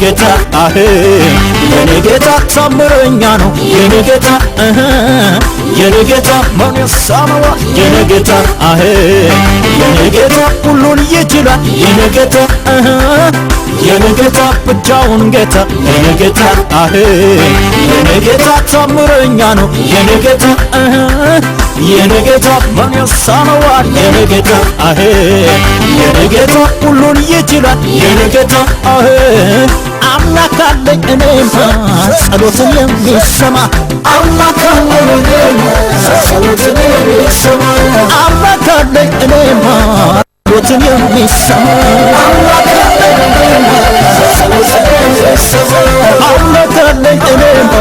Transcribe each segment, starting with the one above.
ጌታ አህ የኔ ጌታ ታምረኛ ነው የኔ ጌታ የኔ ጌታ ማን ያሳመዋ የኔ ጌታ አሄ የኔ ጌታ ሁሉን ይችላል የኔ ጌታ የኔ ጌታ ብቻውን ጌታ የኔ ጌታ አሄ የኔ ጌታ ታምረኛ ነው የኔ ጌታ የኔ ጌታ ማን ያሳመዋል የኔ ጌታ አሄ የኔ ጌታ ሁሉን ይችላል የኔ ጌታ አሄ አምላክ አለኝ እኔማ ጸሎትን የሚሰማ አምላክ አለኝ እኔማ ጸሎትን የሚሰማ አምላክ አለኝ እኔማ ጸሎትን የሚሰማ አምላክ አለኝ እኔማ ጸሎትን የሚሰማ አምላክ አለኝ እኔማ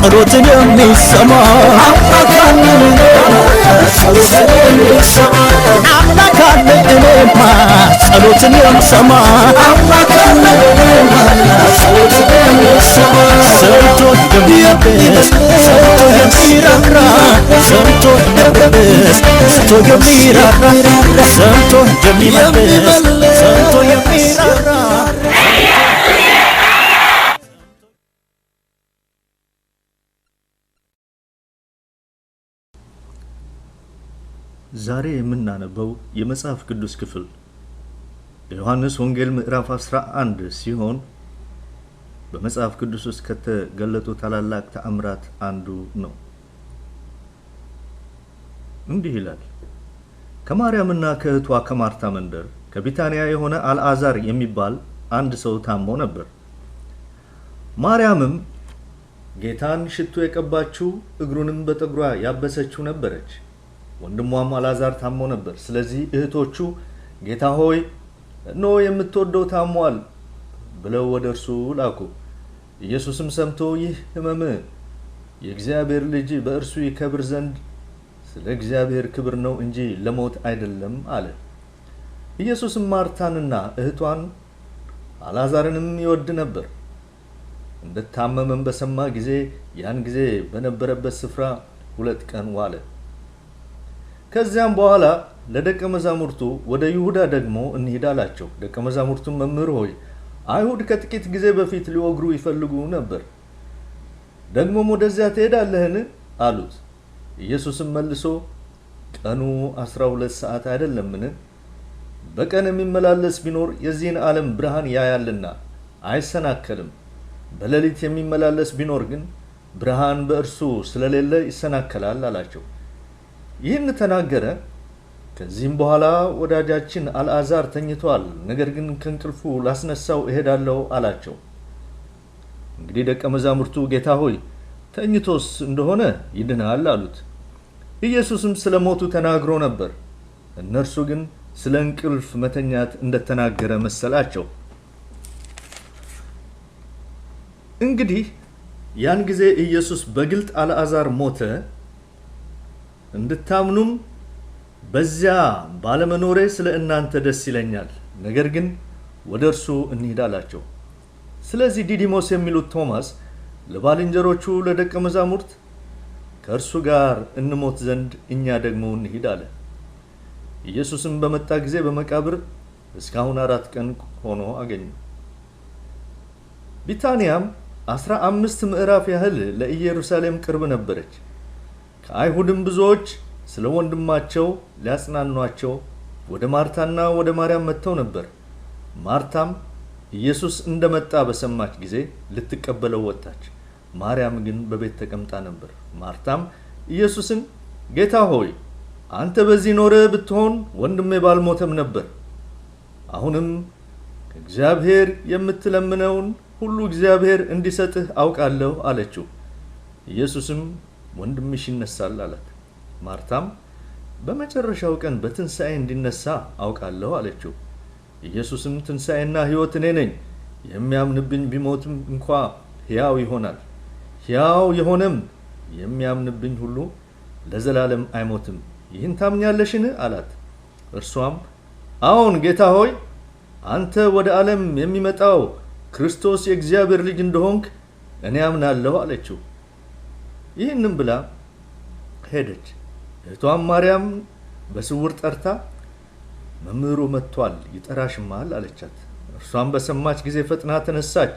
ጸሎትን የሚሰማ ጸሎትን የምሰማ ማ አለ እኔማ ጸሎትን የምሰማ አምላክ አለ እኔማ ጸሎትን የምሰማ ሰምቶ የሚያብስ ሰምቶ የሚራራ ሰምቶ የሚራራ ሰምቶ የሚመልስ ሰምቶ የሚራራ ዛሬ የምናነበው የመጽሐፍ ቅዱስ ክፍል የዮሐንስ ወንጌል ምዕራፍ 11 ሲሆን በመጽሐፍ ቅዱስ ውስጥ ከተገለጡ ታላላቅ ተአምራት አንዱ ነው። እንዲህ ይላል። ከማርያምና ከእህቷ ከማርታ መንደር ከቢታንያ የሆነ አልአዛር የሚባል አንድ ሰው ታሞ ነበር። ማርያምም ጌታን ሽቱ የቀባችው እግሩንም በጠጉሯ ያበሰችው ነበረች። ወንድሟም አላዛር ታሞ ነበር። ስለዚህ እህቶቹ ጌታ ሆይ ኖ የምትወደው ታሟል ብለው ወደ እርሱ ላኩ። ኢየሱስም ሰምቶ ይህ ህመም የእግዚአብሔር ልጅ በእርሱ ይከብር ዘንድ ስለ እግዚአብሔር ክብር ነው እንጂ ለሞት አይደለም አለ። ኢየሱስም ማርታንና እህቷን አላዛርንም ይወድ ነበር። እንደታመመም በሰማ ጊዜ ያን ጊዜ በነበረበት ስፍራ ሁለት ቀን ዋለ። ከዚያም በኋላ ለደቀ መዛሙርቱ ወደ ይሁዳ ደግሞ እንሂድ አላቸው። ደቀ መዛሙርቱም መምህር ሆይ አይሁድ ከጥቂት ጊዜ በፊት ሊወግሩ ይፈልጉ ነበር፣ ደግሞም ወደዚያ ትሄዳለህን? አሉት። ኢየሱስም መልሶ ቀኑ 12 ሰዓት አይደለምን? በቀን የሚመላለስ ቢኖር የዚህን ዓለም ብርሃን ያያልና አይሰናከልም። በሌሊት የሚመላለስ ቢኖር ግን ብርሃን በእርሱ ስለሌለ ይሰናከላል አላቸው። ይህን ተናገረ። ከዚህም በኋላ ወዳጃችን አልአዛር ተኝቷል፣ ነገር ግን ከእንቅልፉ ላስነሳው እሄዳለሁ አላቸው። እንግዲህ ደቀ መዛሙርቱ ጌታ ሆይ ተኝቶስ እንደሆነ ይድናል አሉት። ኢየሱስም ስለ ሞቱ ተናግሮ ነበር። እነርሱ ግን ስለ እንቅልፍ መተኛት እንደተናገረ መሰላቸው። እንግዲህ ያን ጊዜ ኢየሱስ በግልጥ አልአዛር ሞተ እንድታምኑም በዚያ ባለመኖሬ ስለ እናንተ ደስ ይለኛል፣ ነገር ግን ወደ እርሱ እንሂድ አላቸው። ስለዚህ ዲዲሞስ የሚሉት ቶማስ ለባልንጀሮቹ ለደቀ መዛሙርት ከእርሱ ጋር እንሞት ዘንድ እኛ ደግሞ እንሂድ አለ። ኢየሱስም በመጣ ጊዜ በመቃብር እስካሁን አራት ቀን ሆኖ አገኙ። ቢታንያም አስራ አምስት ምዕራፍ ያህል ለኢየሩሳሌም ቅርብ ነበረች። ከአይሁድም ብዙዎች ስለ ወንድማቸው ሊያጽናኗቸው ወደ ማርታና ወደ ማርያም መጥተው ነበር። ማርታም ኢየሱስ እንደመጣ በሰማች ጊዜ ልትቀበለው ወጣች። ማርያም ግን በቤት ተቀምጣ ነበር። ማርታም ኢየሱስን ጌታ ሆይ አንተ በዚህ ኖረ ብትሆን ወንድሜ ባልሞተም ነበር። አሁንም ከእግዚአብሔር የምትለምነውን ሁሉ እግዚአብሔር እንዲሰጥህ አውቃለሁ አለችው። ኢየሱስም ወንድምሽ ይነሳል አላት። ማርታም በመጨረሻው ቀን በትንሣኤ እንዲነሳ አውቃለሁ አለችው። ኢየሱስም ትንሣኤና ሕይወት እኔ ነኝ፣ የሚያምንብኝ ቢሞትም እንኳ ሕያው ይሆናል፣ ሕያው የሆነም የሚያምንብኝ ሁሉ ለዘላለም አይሞትም። ይህን ታምኛለሽን? አላት። እርሷም አዎን ጌታ ሆይ አንተ ወደ ዓለም የሚመጣው ክርስቶስ የእግዚአብሔር ልጅ እንደሆንክ እኔ አምናለሁ አለችው። ይህንም ብላ ሄደች። እህቷም ማርያም በስውር ጠርታ መምህሩ መጥቷል፣ ይጠራሽማል አለቻት። እርሷም በሰማች ጊዜ ፈጥና ተነሳች፣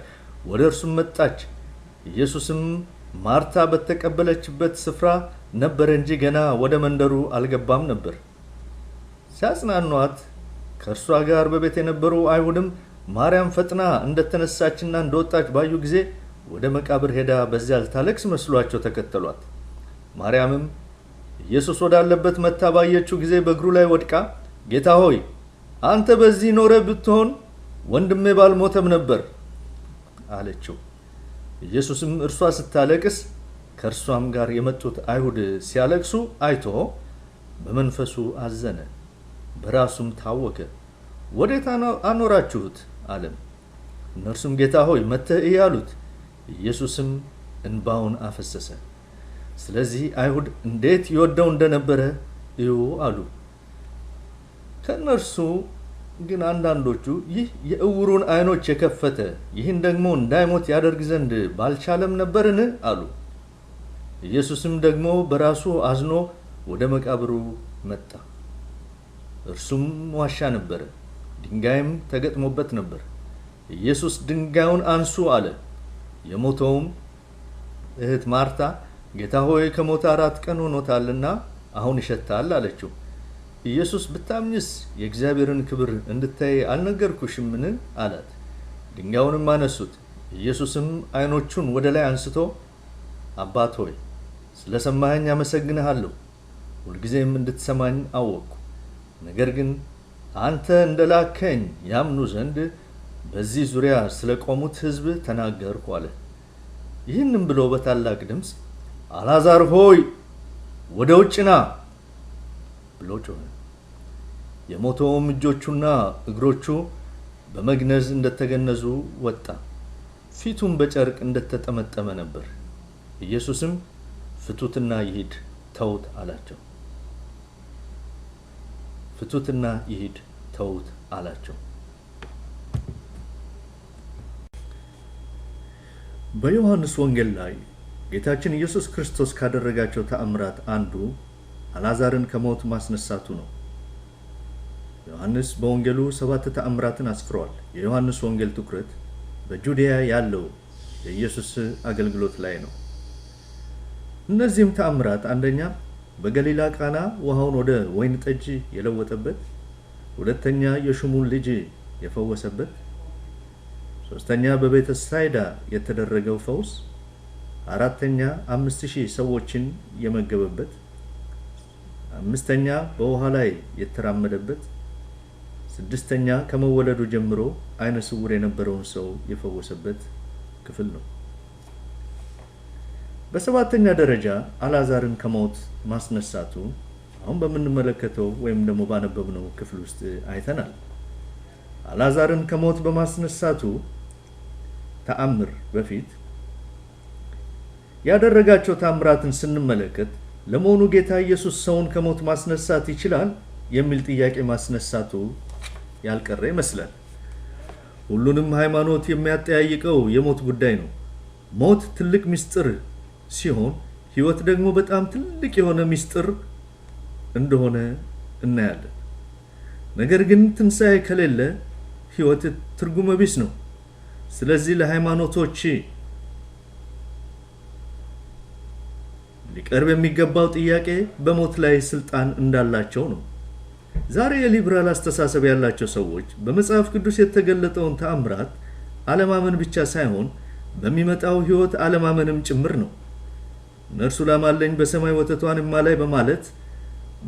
ወደ እርሱም መጣች። ኢየሱስም ማርታ በተቀበለችበት ስፍራ ነበረ እንጂ ገና ወደ መንደሩ አልገባም ነበር። ሲያጽናኗት ከእርሷ ጋር በቤት የነበሩ አይሁድም ማርያም ፈጥና እንደተነሳችና እንደወጣች ባዩ ጊዜ ወደ መቃብር ሄዳ በዚያ ልታለቅስ መስሏቸው ተከተሏት። ማርያምም ኢየሱስ ወዳለበት መታ ባየችው ጊዜ በእግሩ ላይ ወድቃ ጌታ ሆይ አንተ በዚህ ኖረ ብትሆን ወንድሜ ባልሞተም ነበር አለችው። ኢየሱስም እርሷ ስታለቅስ ከእርሷም ጋር የመጡት አይሁድ ሲያለቅሱ አይቶ በመንፈሱ አዘነ፣ በራሱም ታወከ። ወዴት አኖራችሁት? አለም። እነርሱም ጌታ ሆይ መተህ እያሉት! ኢየሱስም እንባውን አፈሰሰ። ስለዚህ አይሁድ እንዴት ይወደው እንደነበረ እዩ አሉ። ከእነርሱ ግን አንዳንዶቹ ይህ የእውሩን አይኖች የከፈተ ይህን ደግሞ እንዳይሞት ያደርግ ዘንድ ባልቻለም ነበርን አሉ። ኢየሱስም ደግሞ በራሱ አዝኖ ወደ መቃብሩ መጣ። እርሱም ዋሻ ነበረ፣ ድንጋይም ተገጥሞበት ነበር። ኢየሱስ ድንጋዩን አንሱ አለ። የሞተውም እህት ማርታ ጌታ ሆይ ከሞተ አራት ቀን ሆኖታልና አሁን ይሸታል አለችው። ኢየሱስ ብታምኝስ የእግዚአብሔርን ክብር እንድታይ አልነገርኩሽምን? አላት። ድንጋዩንም አነሱት። ኢየሱስም አይኖቹን ወደ ላይ አንስቶ አባት ሆይ ስለ ሰማኸኝ አመሰግንሃለሁ። ሁልጊዜም እንድትሰማኝ አወቅኩ። ነገር ግን አንተ እንደ ላከኝ ያምኑ ዘንድ በዚህ ዙሪያ ስለ ቆሙት ሕዝብ ተናገርኩ አለ። ይህንም ብሎ በታላቅ ድምፅ አላዛር ሆይ ወደ ውጭ ና ብሎ ጮኸ። የሞተውም እጆቹና እግሮቹ በመግነዝ እንደተገነዙ ወጣ፣ ፊቱም በጨርቅ እንደተጠመጠመ ነበር። ኢየሱስም ፍቱትና ይሂድ ተውት አላቸው። ፍቱትና ይሂድ ተውት አላቸው። በዮሐንስ ወንጌል ላይ ጌታችን ኢየሱስ ክርስቶስ ካደረጋቸው ተአምራት አንዱ አልዓዛርን ከሞት ማስነሳቱ ነው። ዮሐንስ በወንጌሉ ሰባት ተአምራትን አስፍሯል። የዮሐንስ ወንጌል ትኩረት በጁዲያ ያለው የኢየሱስ አገልግሎት ላይ ነው። እነዚህም ተአምራት አንደኛ፣ በገሊላ ቃና ውሃውን ወደ ወይን ጠጅ የለወጠበት፣ ሁለተኛ፣ የሹሙን ልጅ የፈወሰበት ሶስተኛ በቤተሳይዳ የተደረገው ፈውስ፣ አራተኛ አምስት ሺህ ሰዎችን የመገበበት፣ አምስተኛ በውሃ ላይ የተራመደበት፣ ስድስተኛ ከመወለዱ ጀምሮ አይነ ስውር የነበረውን ሰው የፈወሰበት ክፍል ነው። በሰባተኛ ደረጃ አላዛርን ከሞት ማስነሳቱ አሁን በምንመለከተው ወይም ደግሞ ባነበብነው ክፍል ውስጥ አይተናል። አላዛርን ከሞት በማስነሳቱ ተአምር በፊት ያደረጋቸው ታምራትን ስንመለከት ለመሆኑ ጌታ ኢየሱስ ሰውን ከሞት ማስነሳት ይችላል የሚል ጥያቄ ማስነሳቱ ያልቀረ ይመስላል። ሁሉንም ሃይማኖት የሚያጠያይቀው የሞት ጉዳይ ነው። ሞት ትልቅ ምስጢር ሲሆን ህይወት ደግሞ በጣም ትልቅ የሆነ ምስጢር እንደሆነ እናያለን። ነገር ግን ትንሣኤ ከሌለ ህይወት ትርጉመ ቢስ ነው። ስለዚህ ለሃይማኖቶች ሊቀርብ የሚገባው ጥያቄ በሞት ላይ ስልጣን እንዳላቸው ነው። ዛሬ የሊብራል አስተሳሰብ ያላቸው ሰዎች በመጽሐፍ ቅዱስ የተገለጠውን ተአምራት አለማመን ብቻ ሳይሆን በሚመጣው ህይወት አለማመንም ጭምር ነው። እነርሱ ላማለኝ በሰማይ ወተቷን ማላይ በማለት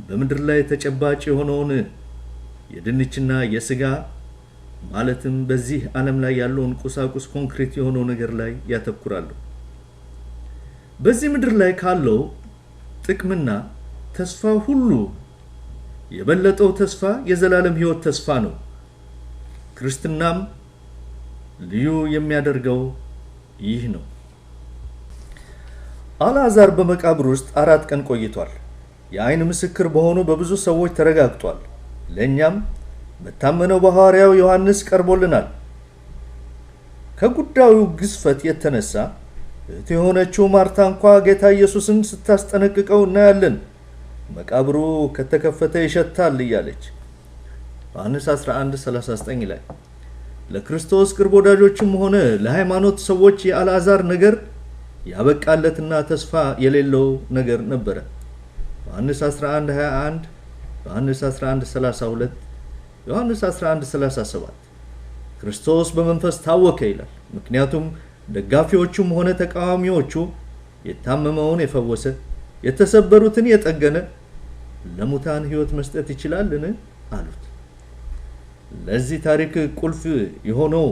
በምድር ላይ ተጨባጭ የሆነውን የድንችና የስጋ ማለትም በዚህ ዓለም ላይ ያለውን ቁሳቁስ ኮንክሪት የሆነው ነገር ላይ ያተኩራሉ። በዚህ ምድር ላይ ካለው ጥቅምና ተስፋ ሁሉ የበለጠው ተስፋ የዘላለም ህይወት ተስፋ ነው። ክርስትናም ልዩ የሚያደርገው ይህ ነው። አልዓዛር በመቃብር ውስጥ አራት ቀን ቆይቷል። የአይን ምስክር በሆኑ በብዙ ሰዎች ተረጋግጧል። ለእኛም መታመነው በሐዋርያው ዮሐንስ ቀርቦልናል። ከጉዳዩ ግዝፈት የተነሳ እህት የሆነችው ማርታ እንኳ ጌታ ኢየሱስን ስታስጠነቅቀው እናያለን። መቃብሩ ከተከፈተ ይሸታል እያለች ዮሐንስ 11:39 ላይ ለክርስቶስ ቅርብ ወዳጆችም ሆነ ለሃይማኖት ሰዎች የአልዓዛር ነገር ያበቃለትና ተስፋ የሌለው ነገር ነበረ። ዮሐንስ 11:21 ዮሐንስ 11:32 ዮሐንስ 11:37 ክርስቶስ በመንፈስ ታወከ ይላል። ምክንያቱም ደጋፊዎቹም ሆነ ተቃዋሚዎቹ የታመመውን የፈወሰ፣ የተሰበሩትን የጠገነ፣ ለሙታን ህይወት መስጠት ይችላልን አሉት። ለዚህ ታሪክ ቁልፍ የሆነው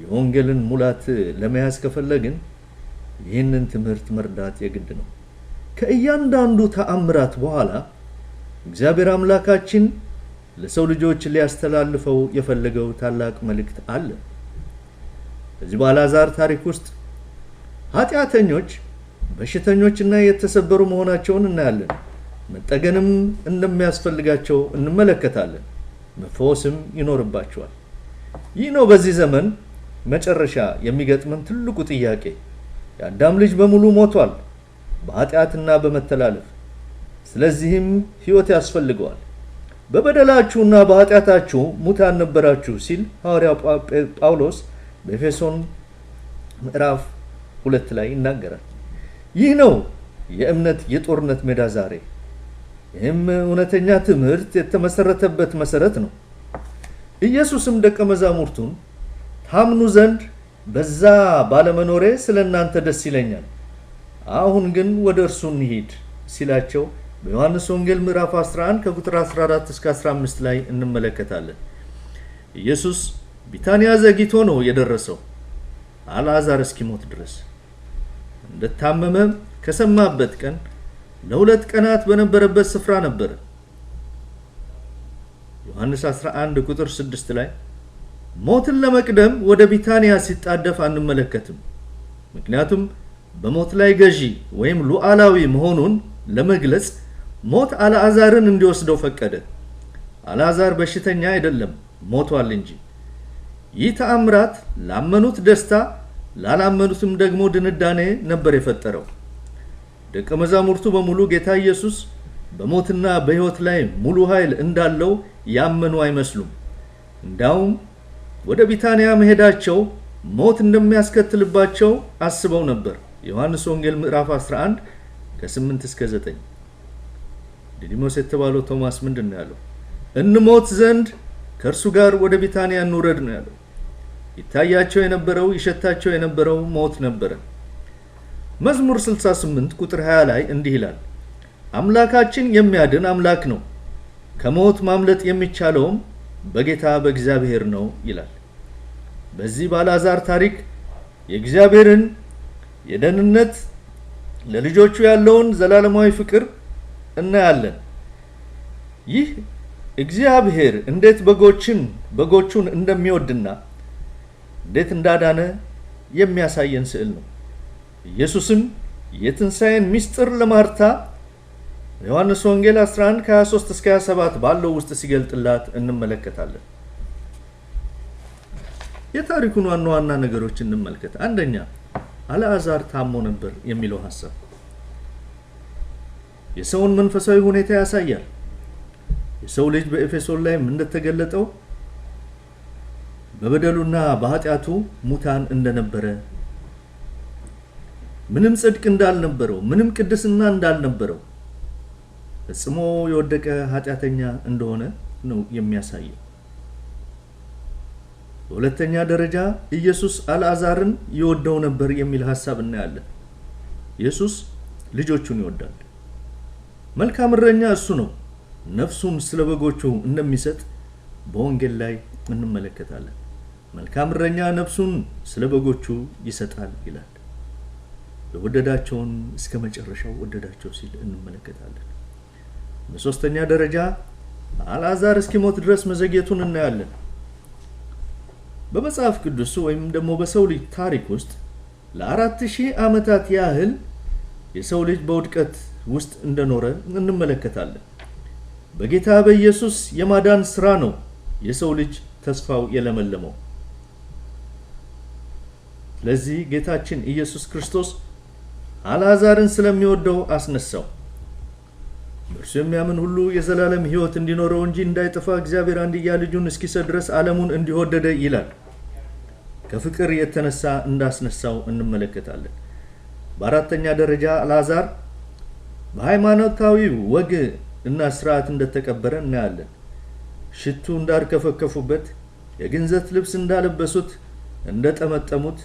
የወንጌልን ሙላት ለመያዝ ከፈለግን ይህንን ትምህርት መርዳት የግድ ነው። ከእያንዳንዱ ተአምራት በኋላ እግዚአብሔር አምላካችን ለሰው ልጆች ሊያስተላልፈው የፈለገው ታላቅ መልእክት አለ። በዚህ በአልዓዛር ታሪክ ውስጥ ኃጢአተኞች በሽተኞችና የተሰበሩ መሆናቸውን እናያለን። መጠገንም እንደሚያስፈልጋቸው እንመለከታለን። መፈወስም ይኖርባቸዋል። ይህ ነው በዚህ ዘመን መጨረሻ የሚገጥመን ትልቁ ጥያቄ። የአዳም ልጅ በሙሉ ሞቷል በኃጢአትና በመተላለፍ ስለዚህም ሕይወት ያስፈልገዋል። በበደላችሁና በኃጢአታችሁ ሙታን ነበራችሁ ሲል ሐዋርያ ጳውሎስ በኤፌሶን ምዕራፍ ሁለት ላይ ይናገራል። ይህ ነው የእምነት የጦርነት ሜዳ ዛሬ። ይህም እውነተኛ ትምህርት የተመሰረተበት መሰረት ነው። ኢየሱስም ደቀ መዛሙርቱን ታምኑ ዘንድ በዛ ባለመኖሬ ስለ እናንተ ደስ ይለኛል፣ አሁን ግን ወደ እርሱ እንሂድ ሲላቸው በዮሐንስ ወንጌል ምዕራፍ 11 ከቁጥር 14 እስከ 15 ላይ እንመለከታለን። ኢየሱስ ቢታንያ ዘግይቶ ነው የደረሰው አልአዛር እስኪሞት ድረስ። እንደታመመ ከሰማበት ቀን ለሁለት ቀናት በነበረበት ስፍራ ነበር። ዮሐንስ 11 ቁጥር 6 ላይ ሞትን ለመቅደም ወደ ቢታንያ ሲጣደፍ አንመለከትም። ምክንያቱም በሞት ላይ ገዢ ወይም ሉዓላዊ መሆኑን ለመግለጽ ሞት አልዓዛርን እንዲወስደው ፈቀደ። አልዓዛር በሽተኛ አይደለም ሞቷል እንጂ። ይህ ተአምራት ላመኑት ደስታ፣ ላላመኑትም ደግሞ ድንዳኔ ነበር የፈጠረው። ደቀ መዛሙርቱ በሙሉ ጌታ ኢየሱስ በሞትና በሕይወት ላይ ሙሉ ኃይል እንዳለው ያመኑ አይመስሉም። እንዳውም ወደ ቢታንያ መሄዳቸው ሞት እንደሚያስከትልባቸው አስበው ነበር። ዮሐንስ ወንጌል ምዕራፍ 11 ከ8 እስከ 9 ዲዲሞስ የተባለው ቶማስ ምንድን ነው ያለው? እንሞት ዘንድ ከእርሱ ጋር ወደ ቢታንያ እንውረድ ነው ያለው። ይታያቸው የነበረው ይሸታቸው የነበረው ሞት ነበረ። መዝሙር 68 ቁጥር 20 ላይ እንዲህ ይላል፣ አምላካችን የሚያድን አምላክ ነው፣ ከሞት ማምለጥ የሚቻለውም በጌታ በእግዚአብሔር ነው ይላል። በዚህ ባላዛር ታሪክ የእግዚአብሔርን የደህንነት ለልጆቹ ያለውን ዘላለማዊ ፍቅር እናያለን። ይህ እግዚአብሔር እንዴት በጎችን በጎቹን እንደሚወድና እንዴት እንዳዳነ የሚያሳየን ስዕል ነው። ኢየሱስም የትንሣኤን ምስጢር ለማርታ በዮሐንስ ወንጌል 11 ከ23 እስከ 27 ባለው ውስጥ ሲገልጥላት እንመለከታለን። የታሪኩን ዋና ዋና ነገሮች እንመልከት። አንደኛ አልዓዛር ታሞ ነበር የሚለው ሀሳብ የሰውን መንፈሳዊ ሁኔታ ያሳያል። የሰው ልጅ በኤፌሶን ላይ እንደተገለጠው በበደሉና በኃጢአቱ ሙታን እንደነበረ፣ ምንም ጽድቅ እንዳልነበረው፣ ምንም ቅድስና እንዳልነበረው፣ ፈጽሞ የወደቀ ኃጢአተኛ እንደሆነ ነው የሚያሳየው። በሁለተኛ ደረጃ ኢየሱስ አልአዛርን ይወደው ነበር የሚል ሀሳብ እናያለን። ኢየሱስ ልጆቹን ይወዳል። መልካም እረኛ እሱ ነው፣ ነፍሱን ስለ በጎቹ እንደሚሰጥ በወንጌል ላይ እንመለከታለን። መልካም እረኛ ነፍሱን ስለ በጎቹ ይሰጣል ይላል። የወደዳቸውን እስከ መጨረሻው ወደዳቸው ሲል እንመለከታለን። በሶስተኛ ደረጃ አልዓዛር እስኪሞት ድረስ መዘግየቱን እናያለን። በመጽሐፍ ቅዱስ ወይም ደግሞ በሰው ልጅ ታሪክ ውስጥ ለአራት ሺህ ዓመታት ያህል የሰው ልጅ በውድቀት ውስጥ እንደኖረ እንመለከታለን። በጌታ በኢየሱስ የማዳን ሥራ ነው የሰው ልጅ ተስፋው የለመለመው። ስለዚህ ጌታችን ኢየሱስ ክርስቶስ አልዓዛርን ስለሚወደው አስነሳው። በእርሱ የሚያምን ሁሉ የዘላለም ሕይወት እንዲኖረው እንጂ እንዳይጠፋ እግዚአብሔር አንድያ ልጁን እስኪሰ ድረስ ዓለሙን እንዲወደደ ይላል። ከፍቅር የተነሳ እንዳስነሳው እንመለከታለን። በአራተኛ ደረጃ አልዓዛር በሃይማኖታዊ ወግ እና ስርዓት እንደተቀበረ እናያለን። ሽቱ እንዳርከፈከፉበት፣ የግንዘት ልብስ እንዳለበሱት፣ እንደጠመጠሙት፣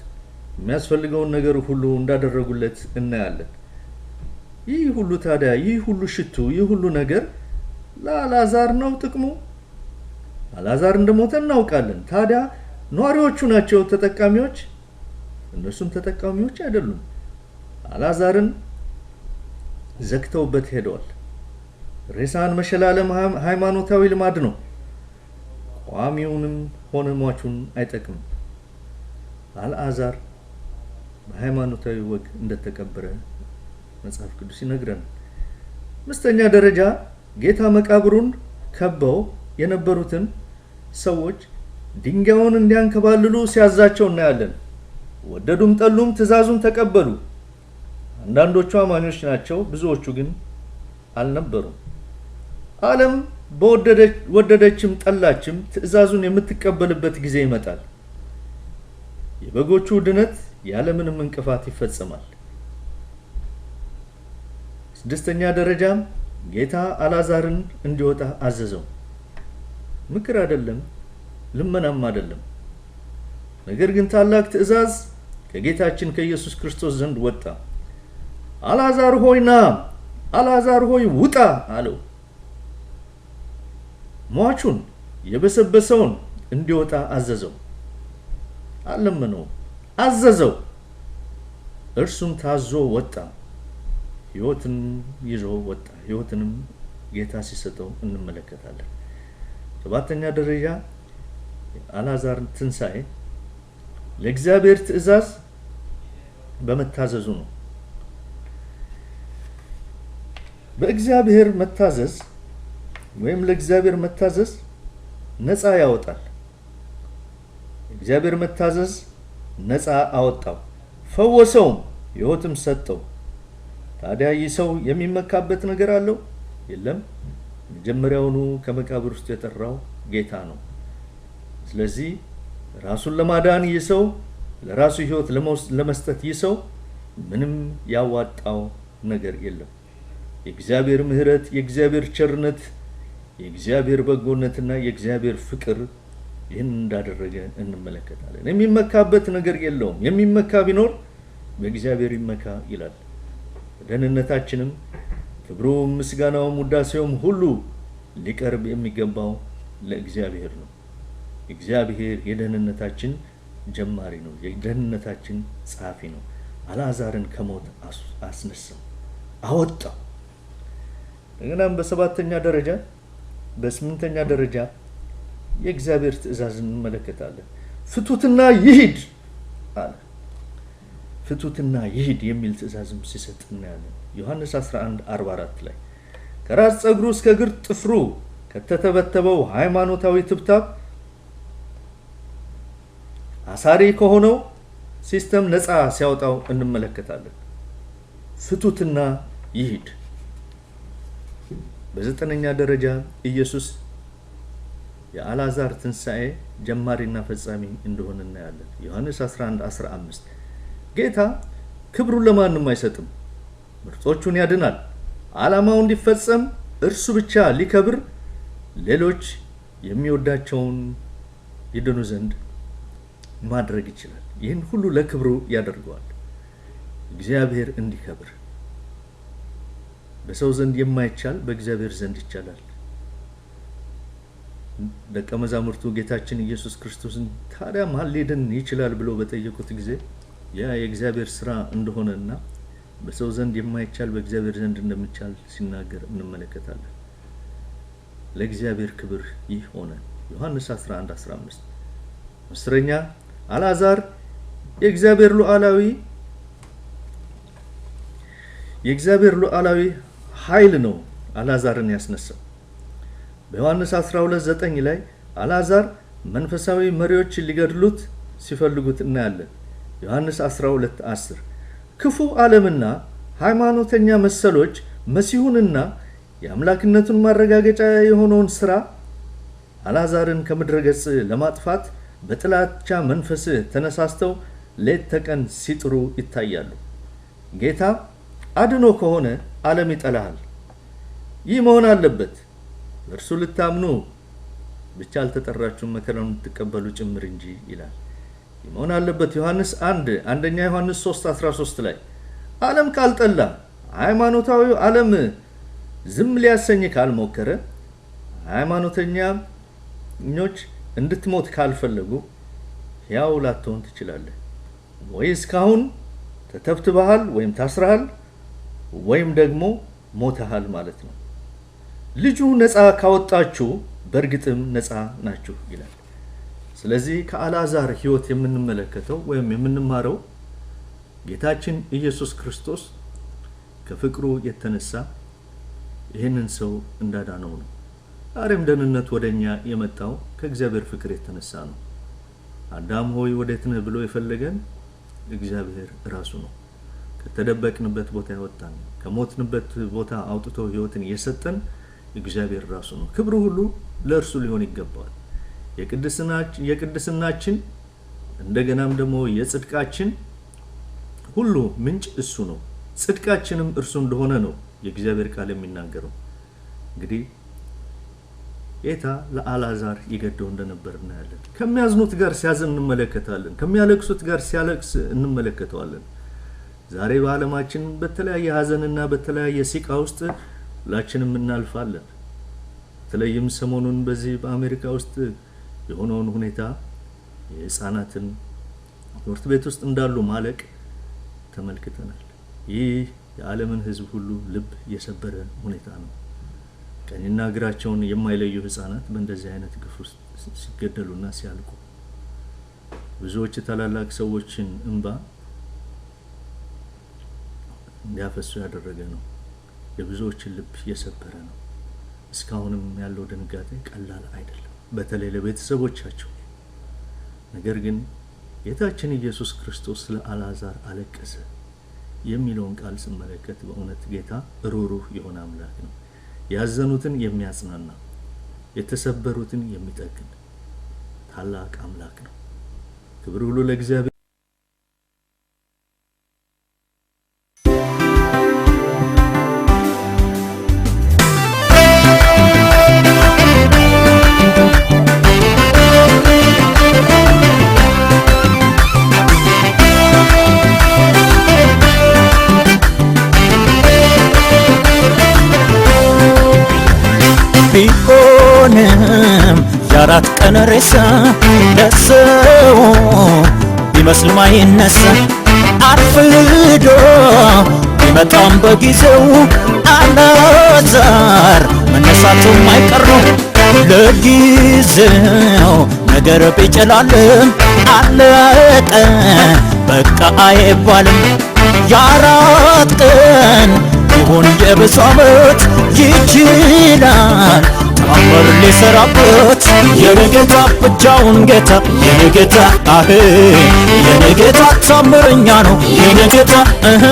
የሚያስፈልገውን ነገር ሁሉ እንዳደረጉለት እናያለን። ይህ ሁሉ ታዲያ ይህ ሁሉ ሽቱ ይህ ሁሉ ነገር ለአልዓዛር ነው ጥቅሙ? አልዓዛር እንደሞተ እናውቃለን። ታዲያ ነዋሪዎቹ ናቸው ተጠቃሚዎች? እነሱም ተጠቃሚዎች አይደሉም። አልዓዛርን ዘግተውበት ሄደዋል። ሬሳን መሸላለም ሃይማኖታዊ ልማድ ነው። ቋሚውንም ሆነ ሟቹን አይጠቅምም። አልአዛር በሃይማኖታዊ ወግ እንደተቀበረ መጽሐፍ ቅዱስ ይነግረናል። ምስተኛ ደረጃ ጌታ መቃብሩን ከበው የነበሩትን ሰዎች ድንጋዩን እንዲያንከባልሉ ሲያዛቸው እናያለን። ወደዱም ጠሉም ትእዛዙን ተቀበሉ። አንዳንዶቹ አማኞች ናቸው፣ ብዙዎቹ ግን አልነበሩም። ዓለም በወደደችም ጠላችም ትእዛዙን የምትቀበልበት ጊዜ ይመጣል። የበጎቹ ድነት ያለምንም እንቅፋት ይፈጸማል። ስድስተኛ ደረጃም ጌታ አላዛርን እንዲወጣ አዘዘው። ምክር አይደለም፣ ልመናም አይደለም። ነገር ግን ታላቅ ትእዛዝ ከጌታችን ከኢየሱስ ክርስቶስ ዘንድ ወጣ። አላዛር ሆይ ና፣ ሆይ ውጣ አለው። ሟቹን የበሰበሰውን እንዲወጣ አዘዘው። አለምነው አዘዘው። እርሱም ታዞ ወጣ። ህይወትን ይዞ ወጣ። ህይወትንም ጌታ ሲሰጠው እንመለከታለን። ሰባተኛ ደረጃ አላዛር ትንሣኤ ለእግዚአብሔር ትእዛዝ በመታዘዙ ነው። በእግዚአብሔር መታዘዝ ወይም ለእግዚአብሔር መታዘዝ ነፃ ያወጣል። እግዚአብሔር መታዘዝ ነፃ አወጣው፣ ፈወሰውም፣ ህይወትም ሰጠው። ታዲያ ይህ ሰው የሚመካበት ነገር አለው? የለም። መጀመሪያውኑ ከመቃብር ውስጥ የጠራው ጌታ ነው። ስለዚህ ራሱን ለማዳን ይህ ሰው ለራሱ ህይወት ለመስጠት ይህ ሰው ምንም ያዋጣው ነገር የለም። የእግዚአብሔር ምህረት የእግዚአብሔር ቸርነት፣ የእግዚአብሔር በጎነትና የእግዚአብሔር ፍቅር ይህን እንዳደረገ እንመለከታለን። የሚመካበት ነገር የለውም። የሚመካ ቢኖር በእግዚአብሔር ይመካ ይላል። ደህንነታችንም ክብሩም፣ ምስጋናውም፣ ውዳሴውም ሁሉ ሊቀርብ የሚገባው ለእግዚአብሔር ነው። እግዚአብሔር የደህንነታችን ጀማሪ ነው። የደህንነታችን ጸሐፊ ነው። አላዛርን ከሞት አስነሳው፣ አወጣው። እንደገናም በሰባተኛ ደረጃ በስምንተኛ ደረጃ የእግዚአብሔር ትእዛዝ እንመለከታለን። ፍቱትና ይሂድ አለ። ፍቱትና ይሂድ የሚል ትእዛዝም ሲሰጥ እናያለን። ዮሐንስ 11 44 ላይ ከራስ ጸጉሩ እስከ ግር ጥፍሩ ከተተበተበው ሃይማኖታዊ ትብታብ አሳሪ ከሆነው ሲስተም ነፃ ሲያወጣው እንመለከታለን። ፍቱትና ይሂድ በዘጠነኛ ደረጃ ኢየሱስ የአልዓዛር ትንሣኤ ጀማሪና ፈጻሚ እንደሆነ እናያለን። ዮሐንስ 11 15 ጌታ ክብሩን ለማንም አይሰጥም፣ ምርጦቹን ያድናል። ዓላማው እንዲፈጸም እርሱ ብቻ ሊከብር፣ ሌሎች የሚወዳቸውን ይድኑ ዘንድ ማድረግ ይችላል። ይህን ሁሉ ለክብሩ ያደርገዋል፣ እግዚአብሔር እንዲከብር በሰው ዘንድ የማይቻል በእግዚአብሔር ዘንድ ይቻላል። ደቀ መዛሙርቱ ጌታችን ኢየሱስ ክርስቶስን ታዲያ ማሌደን ይችላል ብሎ በጠየቁት ጊዜ ያ የእግዚአብሔር ስራ እንደሆነና በሰው ዘንድ የማይቻል በእግዚአብሔር ዘንድ እንደሚቻል ሲናገር እንመለከታለን። ለእግዚአብሔር ክብር ይህ ሆነ። ዮሐንስ 11:15 ምስረኛ አልዓዛር የእግዚአብሔር ሉዓላዊ የእግዚአብሔር ሉዓላዊ ኃይል ነው አላዛርን ያስነሳው። በዮሐንስ 12፥9 ላይ አላዛር መንፈሳዊ መሪዎች ሊገድሉት ሲፈልጉት እናያለን። ዮሐንስ 12:10 ክፉ ዓለምና ሃይማኖተኛ መሰሎች መሲሁንና የአምላክነቱን ማረጋገጫ የሆነውን ሥራ አላዛርን ከምድረ ገጽ ለማጥፋት በጥላቻ መንፈስ ተነሳስተው ሌት ተቀን ሲጥሩ ይታያሉ። ጌታ አድኖ ከሆነ ዓለም ይጠላሃል። ይህ መሆን አለበት። እርሱ ልታምኑ ብቻ አልተጠራችሁም መከራውን ልትቀበሉ ጭምር እንጂ ይላል። ይህ መሆን አለበት። ዮሐንስ አንድ አንደኛ ዮሐንስ 3 13 ላይ ዓለም ካልጠላ ሃይማኖታዊ ዓለም ዝም ሊያሰኝ ካልሞከረ ሃይማኖተኛኞች እንድትሞት ካልፈለጉ ያው ላትሆን ትችላለህ። ወይ እስካሁን ተተብትበሃል ወይም ታስረሃል ወይም ደግሞ ሞተሃል ማለት ነው። ልጁ ነፃ ካወጣችሁ በእርግጥም ነፃ ናችሁ ይላል። ስለዚህ ከአልዓዛር ሕይወት የምንመለከተው ወይም የምንማረው ጌታችን ኢየሱስ ክርስቶስ ከፍቅሩ የተነሳ ይህንን ሰው እንዳዳነው ነው። ዛሬም ደህንነት ወደ እኛ የመጣው ከእግዚአብሔር ፍቅር የተነሳ ነው። አዳም ሆይ ወዴት ነህ ብሎ የፈለገን እግዚአብሔር ራሱ ነው። ከተደበቅንበት ቦታ ያወጣን ከሞትንበት ቦታ አውጥቶ ህይወትን እየሰጠን እግዚአብሔር ራሱ ነው። ክብሩ ሁሉ ለእርሱ ሊሆን ይገባዋል። የቅድስናችን እንደገናም ደግሞ የጽድቃችን ሁሉ ምንጭ እሱ ነው። ጽድቃችንም እርሱ እንደሆነ ነው የእግዚአብሔር ቃል የሚናገረው። እንግዲህ ጌታ ለአላዛር ይገደው እንደነበር እናያለን። ከሚያዝኑት ጋር ሲያዝን እንመለከታለን። ከሚያለቅሱት ጋር ሲያለቅስ እንመለከተዋለን። ዛሬ በዓለማችን በተለያየ ሀዘንና በተለያየ ሲቃ ውስጥ ሁላችንም እናልፋለን። በተለይም ሰሞኑን በዚህ በአሜሪካ ውስጥ የሆነውን ሁኔታ የህፃናትን ትምህርት ቤት ውስጥ እንዳሉ ማለቅ ተመልክተናል። ይህ የዓለምን ህዝብ ሁሉ ልብ የሰበረ ሁኔታ ነው። ቀኝና እግራቸውን የማይለዩ ህፃናት በእንደዚህ አይነት ግፍ ውስጥ ሲገደሉና ሲያልቁ ብዙዎች ታላላቅ ሰዎችን እንባ እንዲያፈሱ ያደረገ ነው። የብዙዎችን ልብ እየሰበረ ነው። እስካሁንም ያለው ድንጋጤ ቀላል አይደለም፣ በተለይ ለቤተሰቦቻቸው። ነገር ግን ጌታችን ኢየሱስ ክርስቶስ ስለ አልዓዛር አለቀሰ የሚለውን ቃል ስመለከት በእውነት ጌታ ሩሩህ የሆነ አምላክ ነው። ያዘኑትን የሚያጽናና የተሰበሩትን የሚጠግን ታላቅ አምላክ ነው። ክብር ሁሉ ለእግዚአብሔር። ነው ቢመስል ማይነሳ አርፍዶ ቢመጣም በጊዜው አላዛር መነሳቱ ማይቀር ነው ለጊዜው ነገር ቢጨላልም አለጠ በቃ አይባልም የአራት ቀን ይሁን የብዙ ዓመት ይችላል ታምር ሊሰራበት የነጌታ ብቻውን ጌታ የነጌታ አህ የነጌታ ታምረኛ ነው የነጌታ እህ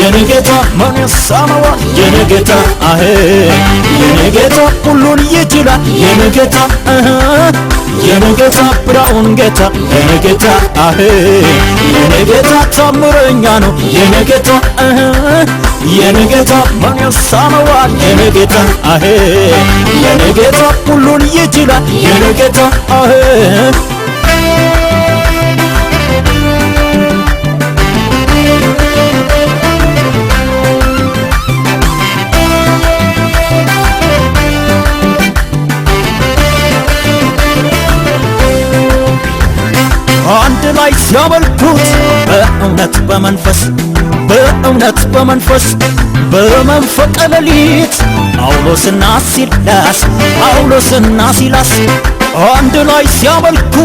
የነጌታ ማን ያሳመዋል የነጌታ አህ የነጌታ ሁሉን ይችላል የነጌታ እህ የነጌታ ብቻውን ጌታ የነጌታ አህ የነጌታ ታምረኛ ነው የነጌታ እህ የነገታ ማን ያሳነዋል? የነጌታ አሄ የነጌታ ሁሉን ይችላል። የነጌታ አሄ አንድ ላይ ሲያመልኩት በእውነት በመንፈስ በእውነት በመንፈስ በመንፈቀ ሌሊት ጳውሎስና ሲላስ ጳውሎስና ሲላስ አንድ ላይ ሲያመልኩ